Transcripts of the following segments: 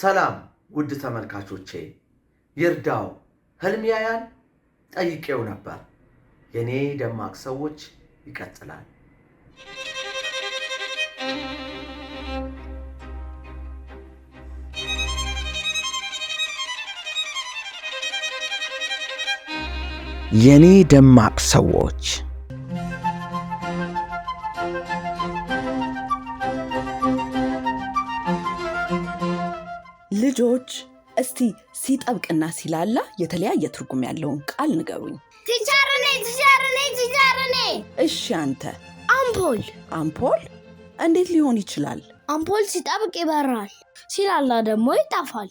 ሰላም ውድ ተመልካቾቼ፣ ይርዳው ህልሚያያን ጠይቄው ነበር። የኔ ደማቅ ሰዎች ይቀጥላል። የኔ ደማቅ ሰዎች ሲጠብቅና ሲላላ የተለያየ ትርጉም ያለውን ቃል ንገሩኝ። ቲቸርኔ ቲቸርኔ ቲቸርኔ። እሺ አንተ አምፖል አምፖል እንዴት ሊሆን ይችላል? አምፖል ሲጠብቅ ይበራል፣ ሲላላ ደግሞ ይጠፋል።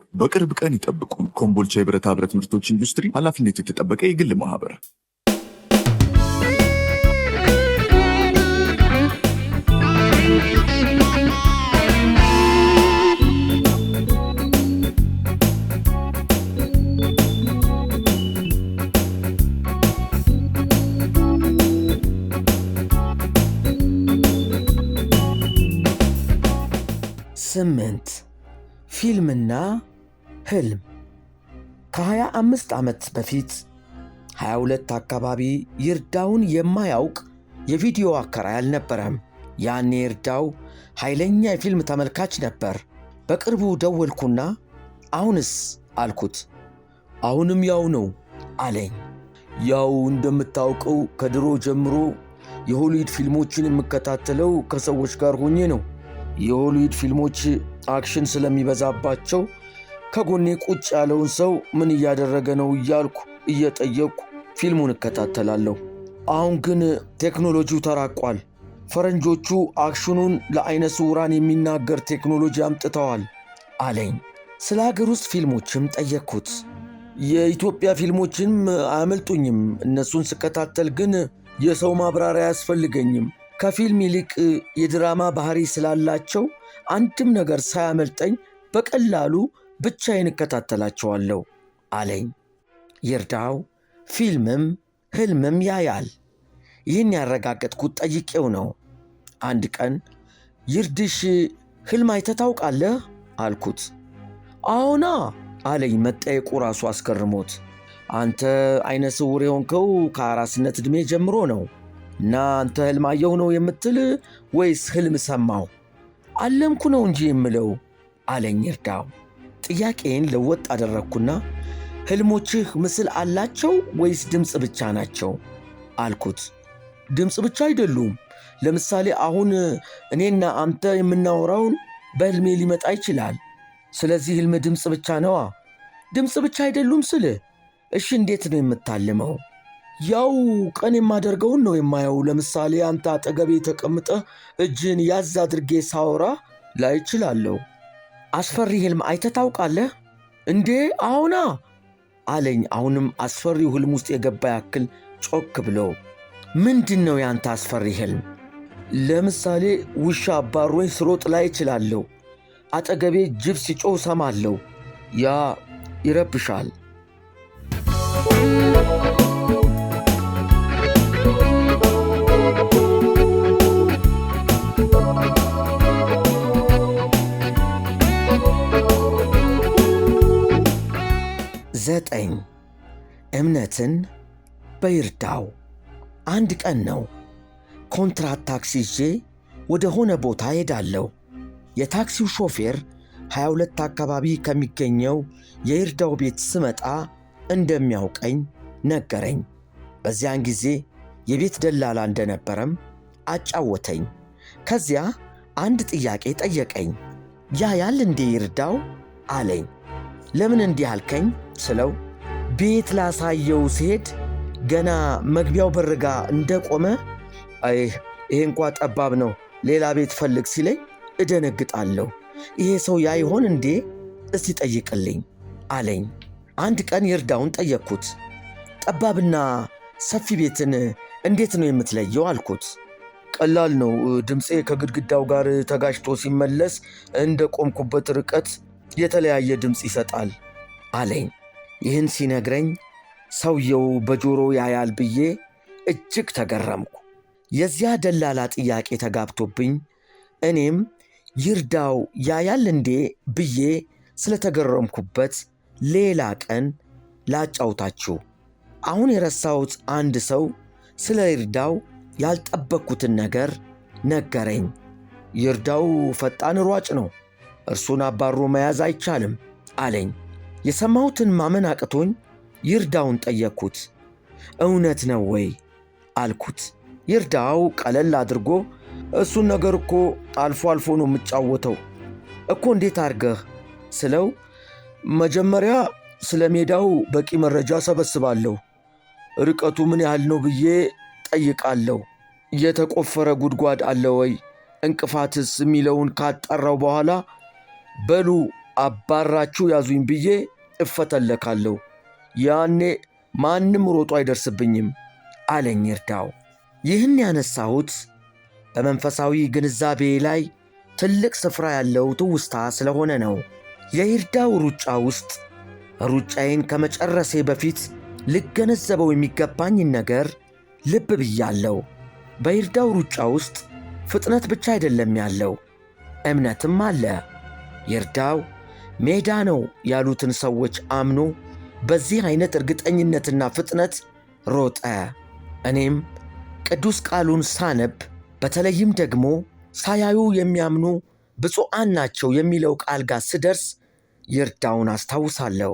ናቸው። በቅርብ ቀን ይጠብቁ። ኮምቦልቻ የብረታ ብረት ምርቶች ኢንዱስትሪ ኃላፊነት የተጠበቀ የግል ማህበር ስምንት ፊልምና ህልም ከሀያ አምስት ዓመት በፊት 22 አካባቢ ይርዳውን የማያውቅ የቪዲዮ አከራይ አልነበረም። ያኔ ይርዳው ኃይለኛ የፊልም ተመልካች ነበር። በቅርቡ ደወልኩና አሁንስ አልኩት። አሁንም ያው ነው አለኝ። ያው እንደምታውቀው ከድሮ ጀምሮ የሆሊውድ ፊልሞችን የምከታተለው ከሰዎች ጋር ሆኜ ነው። የሆሊውድ ፊልሞች አክሽን ስለሚበዛባቸው ከጎኔ ቁጭ ያለውን ሰው ምን እያደረገ ነው እያልኩ እየጠየቅኩ ፊልሙን እከታተላለሁ። አሁን ግን ቴክኖሎጂው ተራቋል። ፈረንጆቹ አክሽኑን ለአይነ ስውራን የሚናገር ቴክኖሎጂ አምጥተዋል አለኝ። ስለ ሀገር ውስጥ ፊልሞችም ጠየቅኩት። የኢትዮጵያ ፊልሞችንም አያመልጡኝም። እነሱን ስከታተል ግን የሰው ማብራሪያ አያስፈልገኝም። ከፊልም ይልቅ የድራማ ባህሪ ስላላቸው አንድም ነገር ሳያመልጠኝ በቀላሉ ብቻዬን እከታተላቸዋለሁ አለኝ። ይርዳው ፊልምም ህልምም ያያል። ይህን ያረጋገጥኩት ጠይቄው ነው። አንድ ቀን ይርድሽ ህልም አይተ ታውቃለህ አልኩት። አዎና አለኝ። መጠየቁ ራሱ አስገርሞት አንተ አይነ ስውር የሆንከው ከአራስነት ዕድሜ ጀምሮ ነው እና አንተ ህልም አየሁ ነው የምትል ወይስ ህልም ሰማው አለምኩ ነው እንጂ የምለው አለኝ ይርዳው። ጥያቄን ለወጥ አደረግኩና ህልሞችህ ምስል አላቸው ወይስ ድምፅ ብቻ ናቸው አልኩት። ድምፅ ብቻ አይደሉም። ለምሳሌ አሁን እኔና አንተ የምናወራውን በህልሜ ሊመጣ ይችላል። ስለዚህ ህልም ድምፅ ብቻ ነዋ። ድምፅ ብቻ አይደሉም ስልህ፣ እሺ እንዴት ነው የምታልመው? ያው ቀን የማደርገውን ነው የማየው። ለምሳሌ አንተ አጠገቤ ተቀምጠህ እጅን ያዝ አድርጌ ሳወራ ላይ እችላለሁ። አስፈሪ ህልም አይተህ ታውቃለህ እንዴ? አሁና አለኝ። አሁንም አስፈሪው ህልም ውስጥ የገባ ያክል ጮክ ብሎ ምንድን ነው ያንተ አስፈሪ ህልም? ለምሳሌ ውሻ አባሮኝ ስሮጥ ላይ እችላለሁ። አጠገቤ ጅብ ሲጮህ ሰማለሁ። ያ ይረብሻል። ዘጠኝ እምነትን በይርዳው። አንድ ቀን ነው። ኮንትራት ታክሲ ይዤ ወደ ሆነ ቦታ ሄዳለሁ። የታክሲው ሾፌር 22 አካባቢ ከሚገኘው የይርዳው ቤት ስመጣ እንደሚያውቀኝ ነገረኝ። በዚያን ጊዜ የቤት ደላላ እንደነበረም አጫወተኝ። ከዚያ አንድ ጥያቄ ጠየቀኝ። ያ ያል እንዴ ይርዳው አለኝ። ለምን እንዲህ አልከኝ? ስለው ቤት ላሳየው ሲሄድ ገና መግቢያው በርጋ እንደቆመ አይ ይሄ እንኳ ጠባብ ነው፣ ሌላ ቤት ፈልግ ሲለኝ እደነግጣለሁ። ይሄ ሰው ያ ይሆን እንዴ? እስቲ ጠይቅልኝ አለኝ። አንድ ቀን ይርዳውን ጠየቅኩት። ጠባብና ሰፊ ቤትን እንዴት ነው የምትለየው አልኩት። ቀላል ነው። ድምፄ ከግድግዳው ጋር ተጋጭቶ ሲመለስ እንደ ቆምኩበት ርቀት የተለያየ ድምፅ ይሰጣል አለኝ። ይህን ሲነግረኝ ሰውየው በጆሮ ያያል ብዬ እጅግ ተገረምኩ። የዚያ ደላላ ጥያቄ ተጋብቶብኝ እኔም ይርዳው ያያል እንዴ ብዬ ስለተገረምኩበት ሌላ ቀን ላጫውታችሁ። አሁን የረሳሁት አንድ ሰው ስለ ይርዳው ያልጠበቅኩትን ነገር ነገረኝ። ይርዳው ፈጣን ሯጭ ነው፣ እርሱን አባሮ መያዝ አይቻልም አለኝ። የሰማሁትን ማመን አቅቶኝ ይርዳውን ጠየቅኩት። እውነት ነው ወይ አልኩት። ይርዳው ቀለል አድርጎ እሱን ነገር እኮ አልፎ አልፎ ነው የምጫወተው እኮ እንዴት አድርገህ ስለው፣ መጀመሪያ ስለ ሜዳው በቂ መረጃ ሰበስባለሁ፣ ርቀቱ ምን ያህል ነው ብዬ ጠይቃለሁ፣ የተቆፈረ ጉድጓድ አለ ወይ እንቅፋትስ የሚለውን ካጣራው በኋላ በሉ አባራችሁ ያዙኝ ብዬ እፈተለካለሁ። ያኔ ማንም ሮጦ አይደርስብኝም አለኝ ይርዳው። ይህን ያነሳሁት በመንፈሳዊ ግንዛቤ ላይ ትልቅ ስፍራ ያለው ትውስታ ስለሆነ ነው። የይርዳው ሩጫ ውስጥ ሩጫዬን ከመጨረሴ በፊት ልገነዘበው የሚገባኝን ነገር ልብ ብያለው። በይርዳው ሩጫ ውስጥ ፍጥነት ብቻ አይደለም ያለው፣ እምነትም አለ። ይርዳው ሜዳ ነው ያሉትን ሰዎች አምኖ በዚህ አይነት እርግጠኝነትና ፍጥነት ሮጠ። እኔም ቅዱስ ቃሉን ሳነብ በተለይም ደግሞ ሳያዩ የሚያምኑ ብፁዓን ናቸው የሚለው ቃል ጋር ስደርስ ይርዳውን አስታውሳለሁ።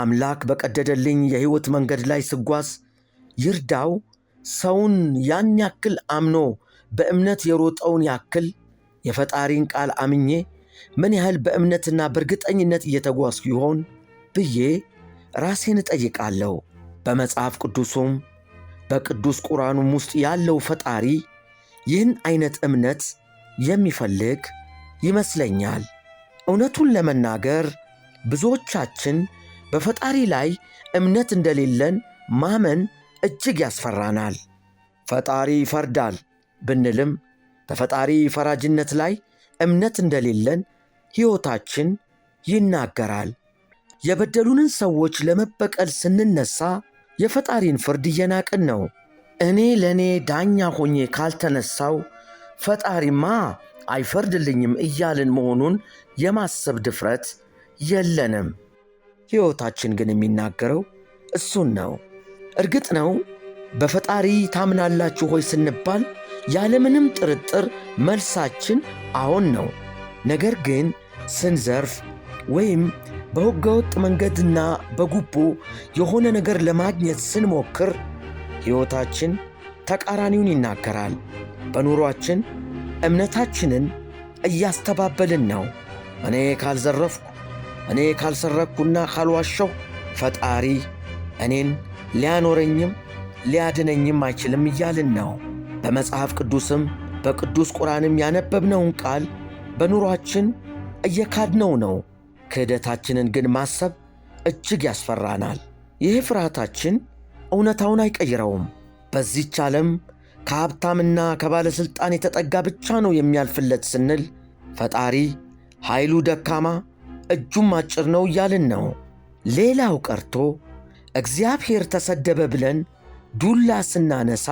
አምላክ በቀደደልኝ የሕይወት መንገድ ላይ ስጓዝ ይርዳው ሰውን ያን ያክል አምኖ በእምነት የሮጠውን ያክል የፈጣሪን ቃል አምኜ ምን ያህል በእምነትና በእርግጠኝነት እየተጓዝኩ ይሆን ብዬ ራሴን እጠይቃለሁ። በመጽሐፍ ቅዱሱም በቅዱስ ቁርአኑም ውስጥ ያለው ፈጣሪ ይህን አይነት እምነት የሚፈልግ ይመስለኛል። እውነቱን ለመናገር ብዙዎቻችን በፈጣሪ ላይ እምነት እንደሌለን ማመን እጅግ ያስፈራናል። ፈጣሪ ይፈርዳል ብንልም በፈጣሪ ፈራጅነት ላይ እምነት እንደሌለን ሕይወታችን ይናገራል። የበደሉንን ሰዎች ለመበቀል ስንነሳ የፈጣሪን ፍርድ እየናቅን ነው። እኔ ለእኔ ዳኛ ሆኜ ካልተነሳው ፈጣሪማ አይፈርድልኝም እያልን መሆኑን የማሰብ ድፍረት የለንም። ሕይወታችን ግን የሚናገረው እሱን ነው። እርግጥ ነው በፈጣሪ ታምናላችሁ ሆይ ስንባል ያለምንም ጥርጥር መልሳችን አዎን ነው። ነገር ግን ስንዘርፍ ወይም በሕገወጥ መንገድና በጉቦ የሆነ ነገር ለማግኘት ስንሞክር ሕይወታችን ተቃራኒውን ይናገራል። በኑሯችን እምነታችንን እያስተባበልን ነው። እኔ ካልዘረፍኩ፣ እኔ ካልሰረቅኩና ካልዋሸሁ ፈጣሪ እኔን ሊያኖረኝም ሊያድነኝም አይችልም እያልን ነው። በመጽሐፍ ቅዱስም በቅዱስ ቁርአንም ያነበብነውን ቃል በኑሯችን እየካድነው ነው። ክህደታችንን ግን ማሰብ እጅግ ያስፈራናል። ይህ ፍርሃታችን እውነታውን አይቀይረውም። በዚች ዓለም ከሀብታምና ከባለሥልጣን የተጠጋ ብቻ ነው የሚያልፍለት ስንል ፈጣሪ ኃይሉ ደካማ እጁም አጭር ነው እያልን ነው። ሌላው ቀርቶ እግዚአብሔር ተሰደበ ብለን ዱላ ስናነሳ፣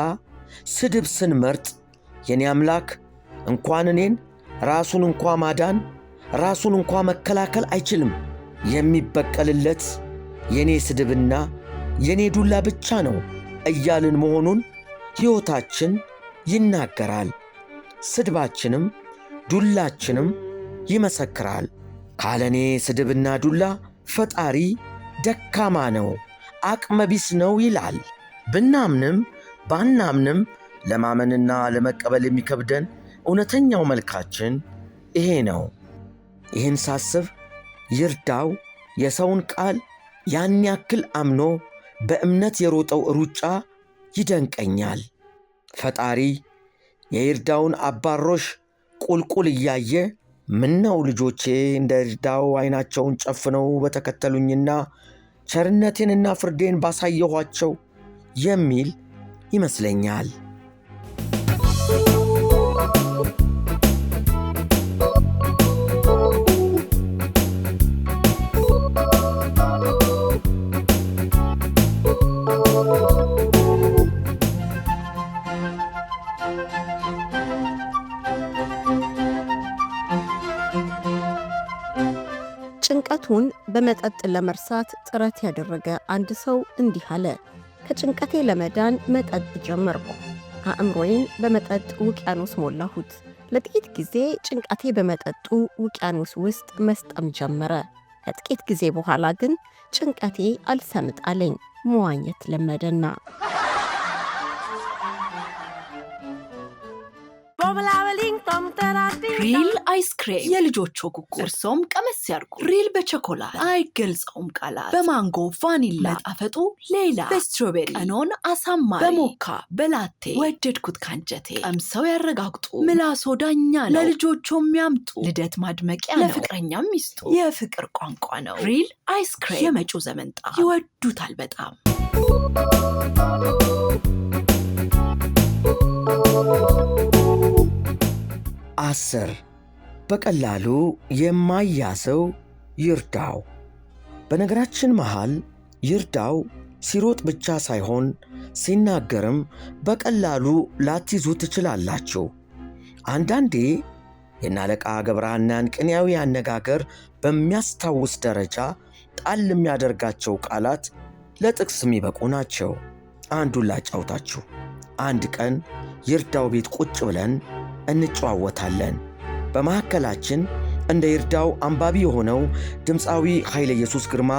ስድብ ስንመርጥ የኔ አምላክ እንኳን እኔን ራሱን እንኳ ማዳን ራሱን እንኳ መከላከል አይችልም። የሚበቀልለት የኔ ስድብና የኔ ዱላ ብቻ ነው እያልን መሆኑን ሕይወታችን ይናገራል። ስድባችንም ዱላችንም ይመሰክራል። ካለኔ ስድብና ዱላ ፈጣሪ ደካማ ነው፣ አቅመቢስ ነው ይላል። ብናምንም ባናምንም ለማመንና ለመቀበል የሚከብደን እውነተኛው መልካችን ይሄ ነው። ይህን ሳስብ ይርዳው የሰውን ቃል ያን ያክል አምኖ በእምነት የሮጠው ሩጫ ይደንቀኛል። ፈጣሪ የይርዳውን አባሮሽ ቁልቁል እያየ ምነው ልጆቼ እንደ ይርዳው ዐይናቸውን ጨፍነው በተከተሉኝና ቸርነቴንና ፍርዴን ባሳየኋቸው የሚል ይመስለኛል። በመጠጥ ለመርሳት ጥረት ያደረገ አንድ ሰው እንዲህ አለ። ከጭንቀቴ ለመዳን መጠጥ ጀመርኩ። አእምሮዬን በመጠጥ ውቅያኖስ ሞላሁት። ለጥቂት ጊዜ ጭንቀቴ በመጠጡ ውቅያኖስ ውስጥ መስጠም ጀመረ። ከጥቂት ጊዜ በኋላ ግን ጭንቀቴ አልሰምጣለኝ መዋኘት ለመደና ሪል አይስክሬም የልጆች ጉጉ። እርሶም ቀመስ ያርጉ። ሪል በቸኮላት አይገልጸውም ቃላት። በማንጎ ቫኒላ ጣፈጡ ሌላ። በስትሮቤሪ ቀኖን አሳማሪ። በሞካ በላቴ ወደድኩት ካንጀቴ። ቀምሰው ያረጋግጡ ምላሶ ዳኛ ነው። ለልጆቹ የሚያምጡ ልደት ማድመቂያ ነው። ለፍቅረኛ ሚስቱ የፍቅር ቋንቋ ነው። ሪል አይስክሬም የመጪው ዘመንጣ ይወዱታል በጣም። አስር በቀላሉ የማያሰው ይርዳው። በነገራችን መሃል ይርዳው ሲሮጥ ብቻ ሳይሆን ሲናገርም በቀላሉ ላትይዙ ትችላላችሁ። አንዳንዴ የናለቃ ገብረሐናን ቅኔያዊ አነጋገር በሚያስታውስ ደረጃ ጣል የሚያደርጋቸው ቃላት ለጥቅስ የሚበቁ ናቸው። አንዱን ላጫውታችሁ። አንድ ቀን ይርዳው ቤት ቁጭ ብለን እንጨዋወታለን። በመካከላችን እንደ ይርዳው አንባቢ የሆነው ድምፃዊ ኃይለ ኢየሱስ ግርማ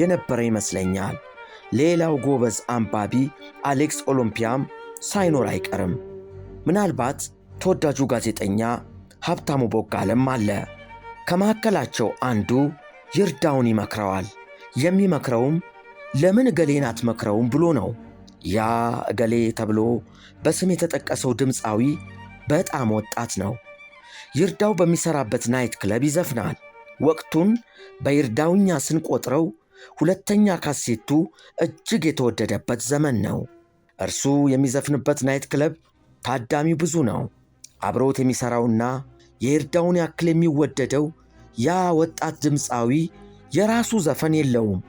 የነበረ ይመስለኛል። ሌላው ጎበዝ አንባቢ አሌክስ ኦሎምፒያም ሳይኖር አይቀርም። ምናልባት ተወዳጁ ጋዜጠኛ ሀብታሙ ቦጋለም አለ። ከመካከላቸው አንዱ ይርዳውን ይመክረዋል። የሚመክረውም ለምን እገሌን አትመክረውም ብሎ ነው። ያ እገሌ ተብሎ በስም የተጠቀሰው ድምፃዊ በጣም ወጣት ነው። ይርዳው በሚሰራበት ናይት ክለብ ይዘፍናል። ወቅቱን በይርዳውኛ ስንቆጥረው ሁለተኛ ካሴቱ እጅግ የተወደደበት ዘመን ነው። እርሱ የሚዘፍንበት ናይት ክለብ ታዳሚው ብዙ ነው። አብሮት የሚሠራውና የይርዳውን ያክል የሚወደደው ያ ወጣት ድምፃዊ የራሱ ዘፈን የለውም።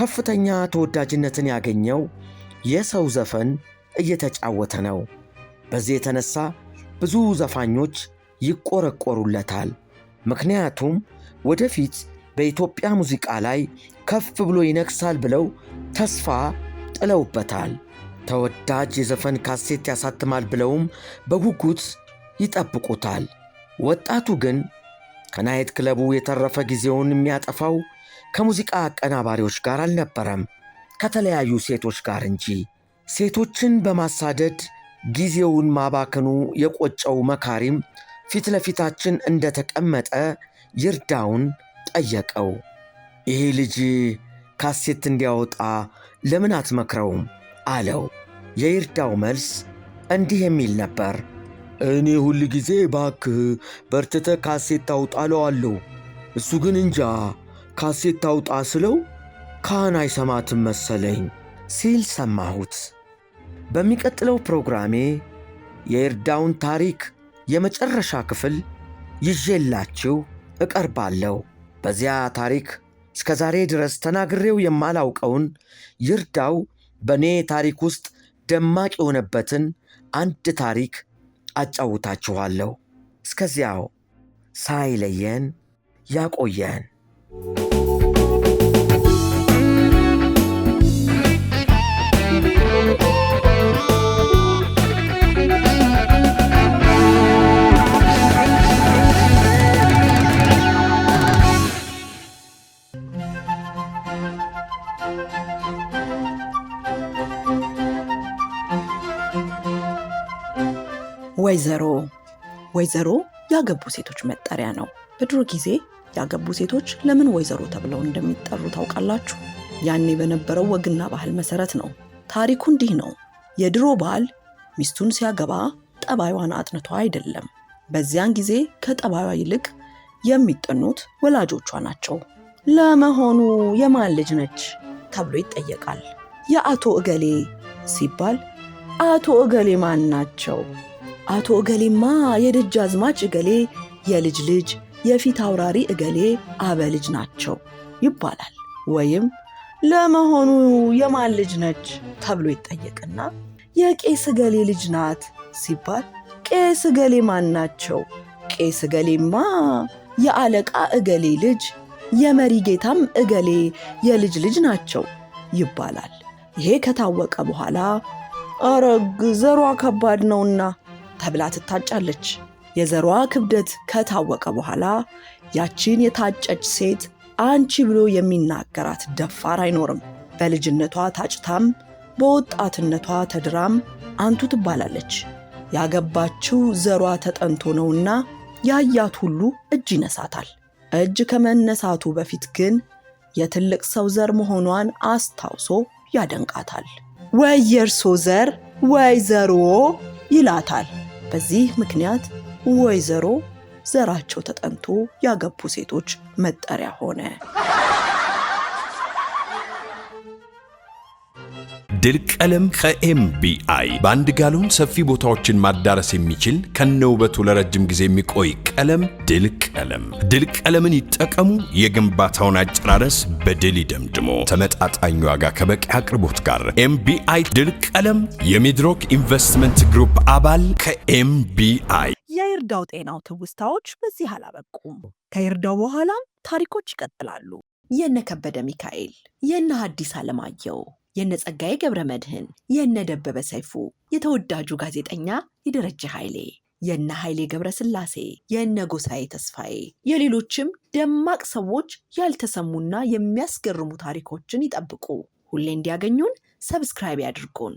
ከፍተኛ ተወዳጅነትን ያገኘው የሰው ዘፈን እየተጫወተ ነው። በዚህ የተነሳ ብዙ ዘፋኞች ይቆረቆሩለታል። ምክንያቱም ወደፊት በኢትዮጵያ ሙዚቃ ላይ ከፍ ብሎ ይነግሳል ብለው ተስፋ ጥለውበታል። ተወዳጅ የዘፈን ካሴት ያሳትማል ብለውም በጉጉት ይጠብቁታል። ወጣቱ ግን ከናይት ክለቡ የተረፈ ጊዜውን የሚያጠፋው ከሙዚቃ አቀናባሪዎች ጋር አልነበረም፣ ከተለያዩ ሴቶች ጋር እንጂ። ሴቶችን በማሳደድ ጊዜውን ማባከኑ የቆጨው መካሪም ፊት ለፊታችን እንደተቀመጠ ይርዳውን ጠየቀው። ይሄ ልጅ ካሴት እንዲያወጣ ለምን አትመክረውም አለው። የይርዳው መልስ እንዲህ የሚል ነበር። እኔ ሁል ጊዜ ባክህ በርትተ ካሴት ታውጣ እለዋለሁ። እሱ ግን እንጃ ካሴት ታውጣ ስለው ካህን አይሰማትም መሰለኝ ሲል ሰማሁት። በሚቀጥለው ፕሮግራሜ የይርዳውን ታሪክ የመጨረሻ ክፍል ይዤላችሁ እቀርባለሁ። በዚያ ታሪክ እስከ ዛሬ ድረስ ተናግሬው የማላውቀውን ይርዳው በእኔ ታሪክ ውስጥ ደማቅ የሆነበትን አንድ ታሪክ አጫውታችኋለሁ። እስከዚያው ሳይለየን ያቆየን። ወይዘሮ ወይዘሮ ያገቡ ሴቶች መጠሪያ ነው። በድሮ ጊዜ ያገቡ ሴቶች ለምን ወይዘሮ ተብለው እንደሚጠሩ ታውቃላችሁ? ያኔ በነበረው ወግና ባህል መሰረት ነው። ታሪኩ እንዲህ ነው። የድሮ ባል ሚስቱን ሲያገባ ጠባዩዋን አጥንቷ አይደለም። በዚያን ጊዜ ከጠባዩዋ ይልቅ የሚጠኑት ወላጆቿ ናቸው። ለመሆኑ የማን ልጅ ነች ተብሎ ይጠየቃል። የአቶ እገሌ ሲባል አቶ እገሌ ማን ናቸው አቶ እገሌማ የደጅ አዝማጭ እገሌ የልጅ ልጅ የፊት አውራሪ እገሌ አበ ልጅ ናቸው ይባላል። ወይም ለመሆኑ የማን ልጅ ነች ተብሎ ይጠየቅና የቄስ እገሌ ልጅ ናት ሲባል ቄስ እገሌ ማን ናቸው? ቄስ እገሌማ የአለቃ እገሌ ልጅ የመሪ ጌታም እገሌ የልጅ ልጅ ናቸው ይባላል። ይሄ ከታወቀ በኋላ አረግ ዘሯ ከባድ ነውና ተብላ ትታጫለች። የዘሯ ክብደት ከታወቀ በኋላ ያቺን የታጨች ሴት አንቺ ብሎ የሚናገራት ደፋር አይኖርም። በልጅነቷ ታጭታም በወጣትነቷ ተድራም አንቱ ትባላለች። ያገባችው ዘሯ ተጠንቶ ነውና ያያት ሁሉ እጅ ይነሳታል። እጅ ከመነሳቱ በፊት ግን የትልቅ ሰው ዘር መሆኗን አስታውሶ ያደንቃታል። ወይ የእርሶ ዘር ወይ ዘርዎ ይላታል። በዚህ ምክንያት ወይዘሮ ዘራቸው ተጠንቶ ያገቡ ሴቶች መጠሪያ ሆነ። ድል ቀለም ከኤምቢአይ በአንድ ጋሎን ሰፊ ቦታዎችን ማዳረስ የሚችል ከነውበቱ ለረጅም ጊዜ የሚቆይ ቀለም ድል ቀለም። ድል ቀለምን ይጠቀሙ። የግንባታውን አጨራረስ በድል ይደምድሞ። ተመጣጣኝ ዋጋ ከበቂ አቅርቦት ጋር ኤምቢአይ ድል ቀለም የሚድሮክ ኢንቨስትመንት ግሩፕ አባል ከኤምቢአይ። የይርዳው ጤናው ትውስታዎች በዚህ አላበቁም። ከይርዳው በኋላም ታሪኮች ይቀጥላሉ። የነ ከበደ ሚካኤል፣ የነ ሐዲስ ዓለማየሁ የነጸጋዬ ገብረ መድህን፣ የነደበበ ሰይፉ፣ የተወዳጁ ጋዜጠኛ የደረጀ ኃይሌ፣ የነ ኃይሌ ገብረ ስላሴ፣ የነ ጎሳዬ ተስፋዬ፣ የሌሎችም ደማቅ ሰዎች ያልተሰሙና የሚያስገርሙ ታሪኮችን ይጠብቁ። ሁሌ እንዲያገኙን ሰብስክራይብ ያድርጉን።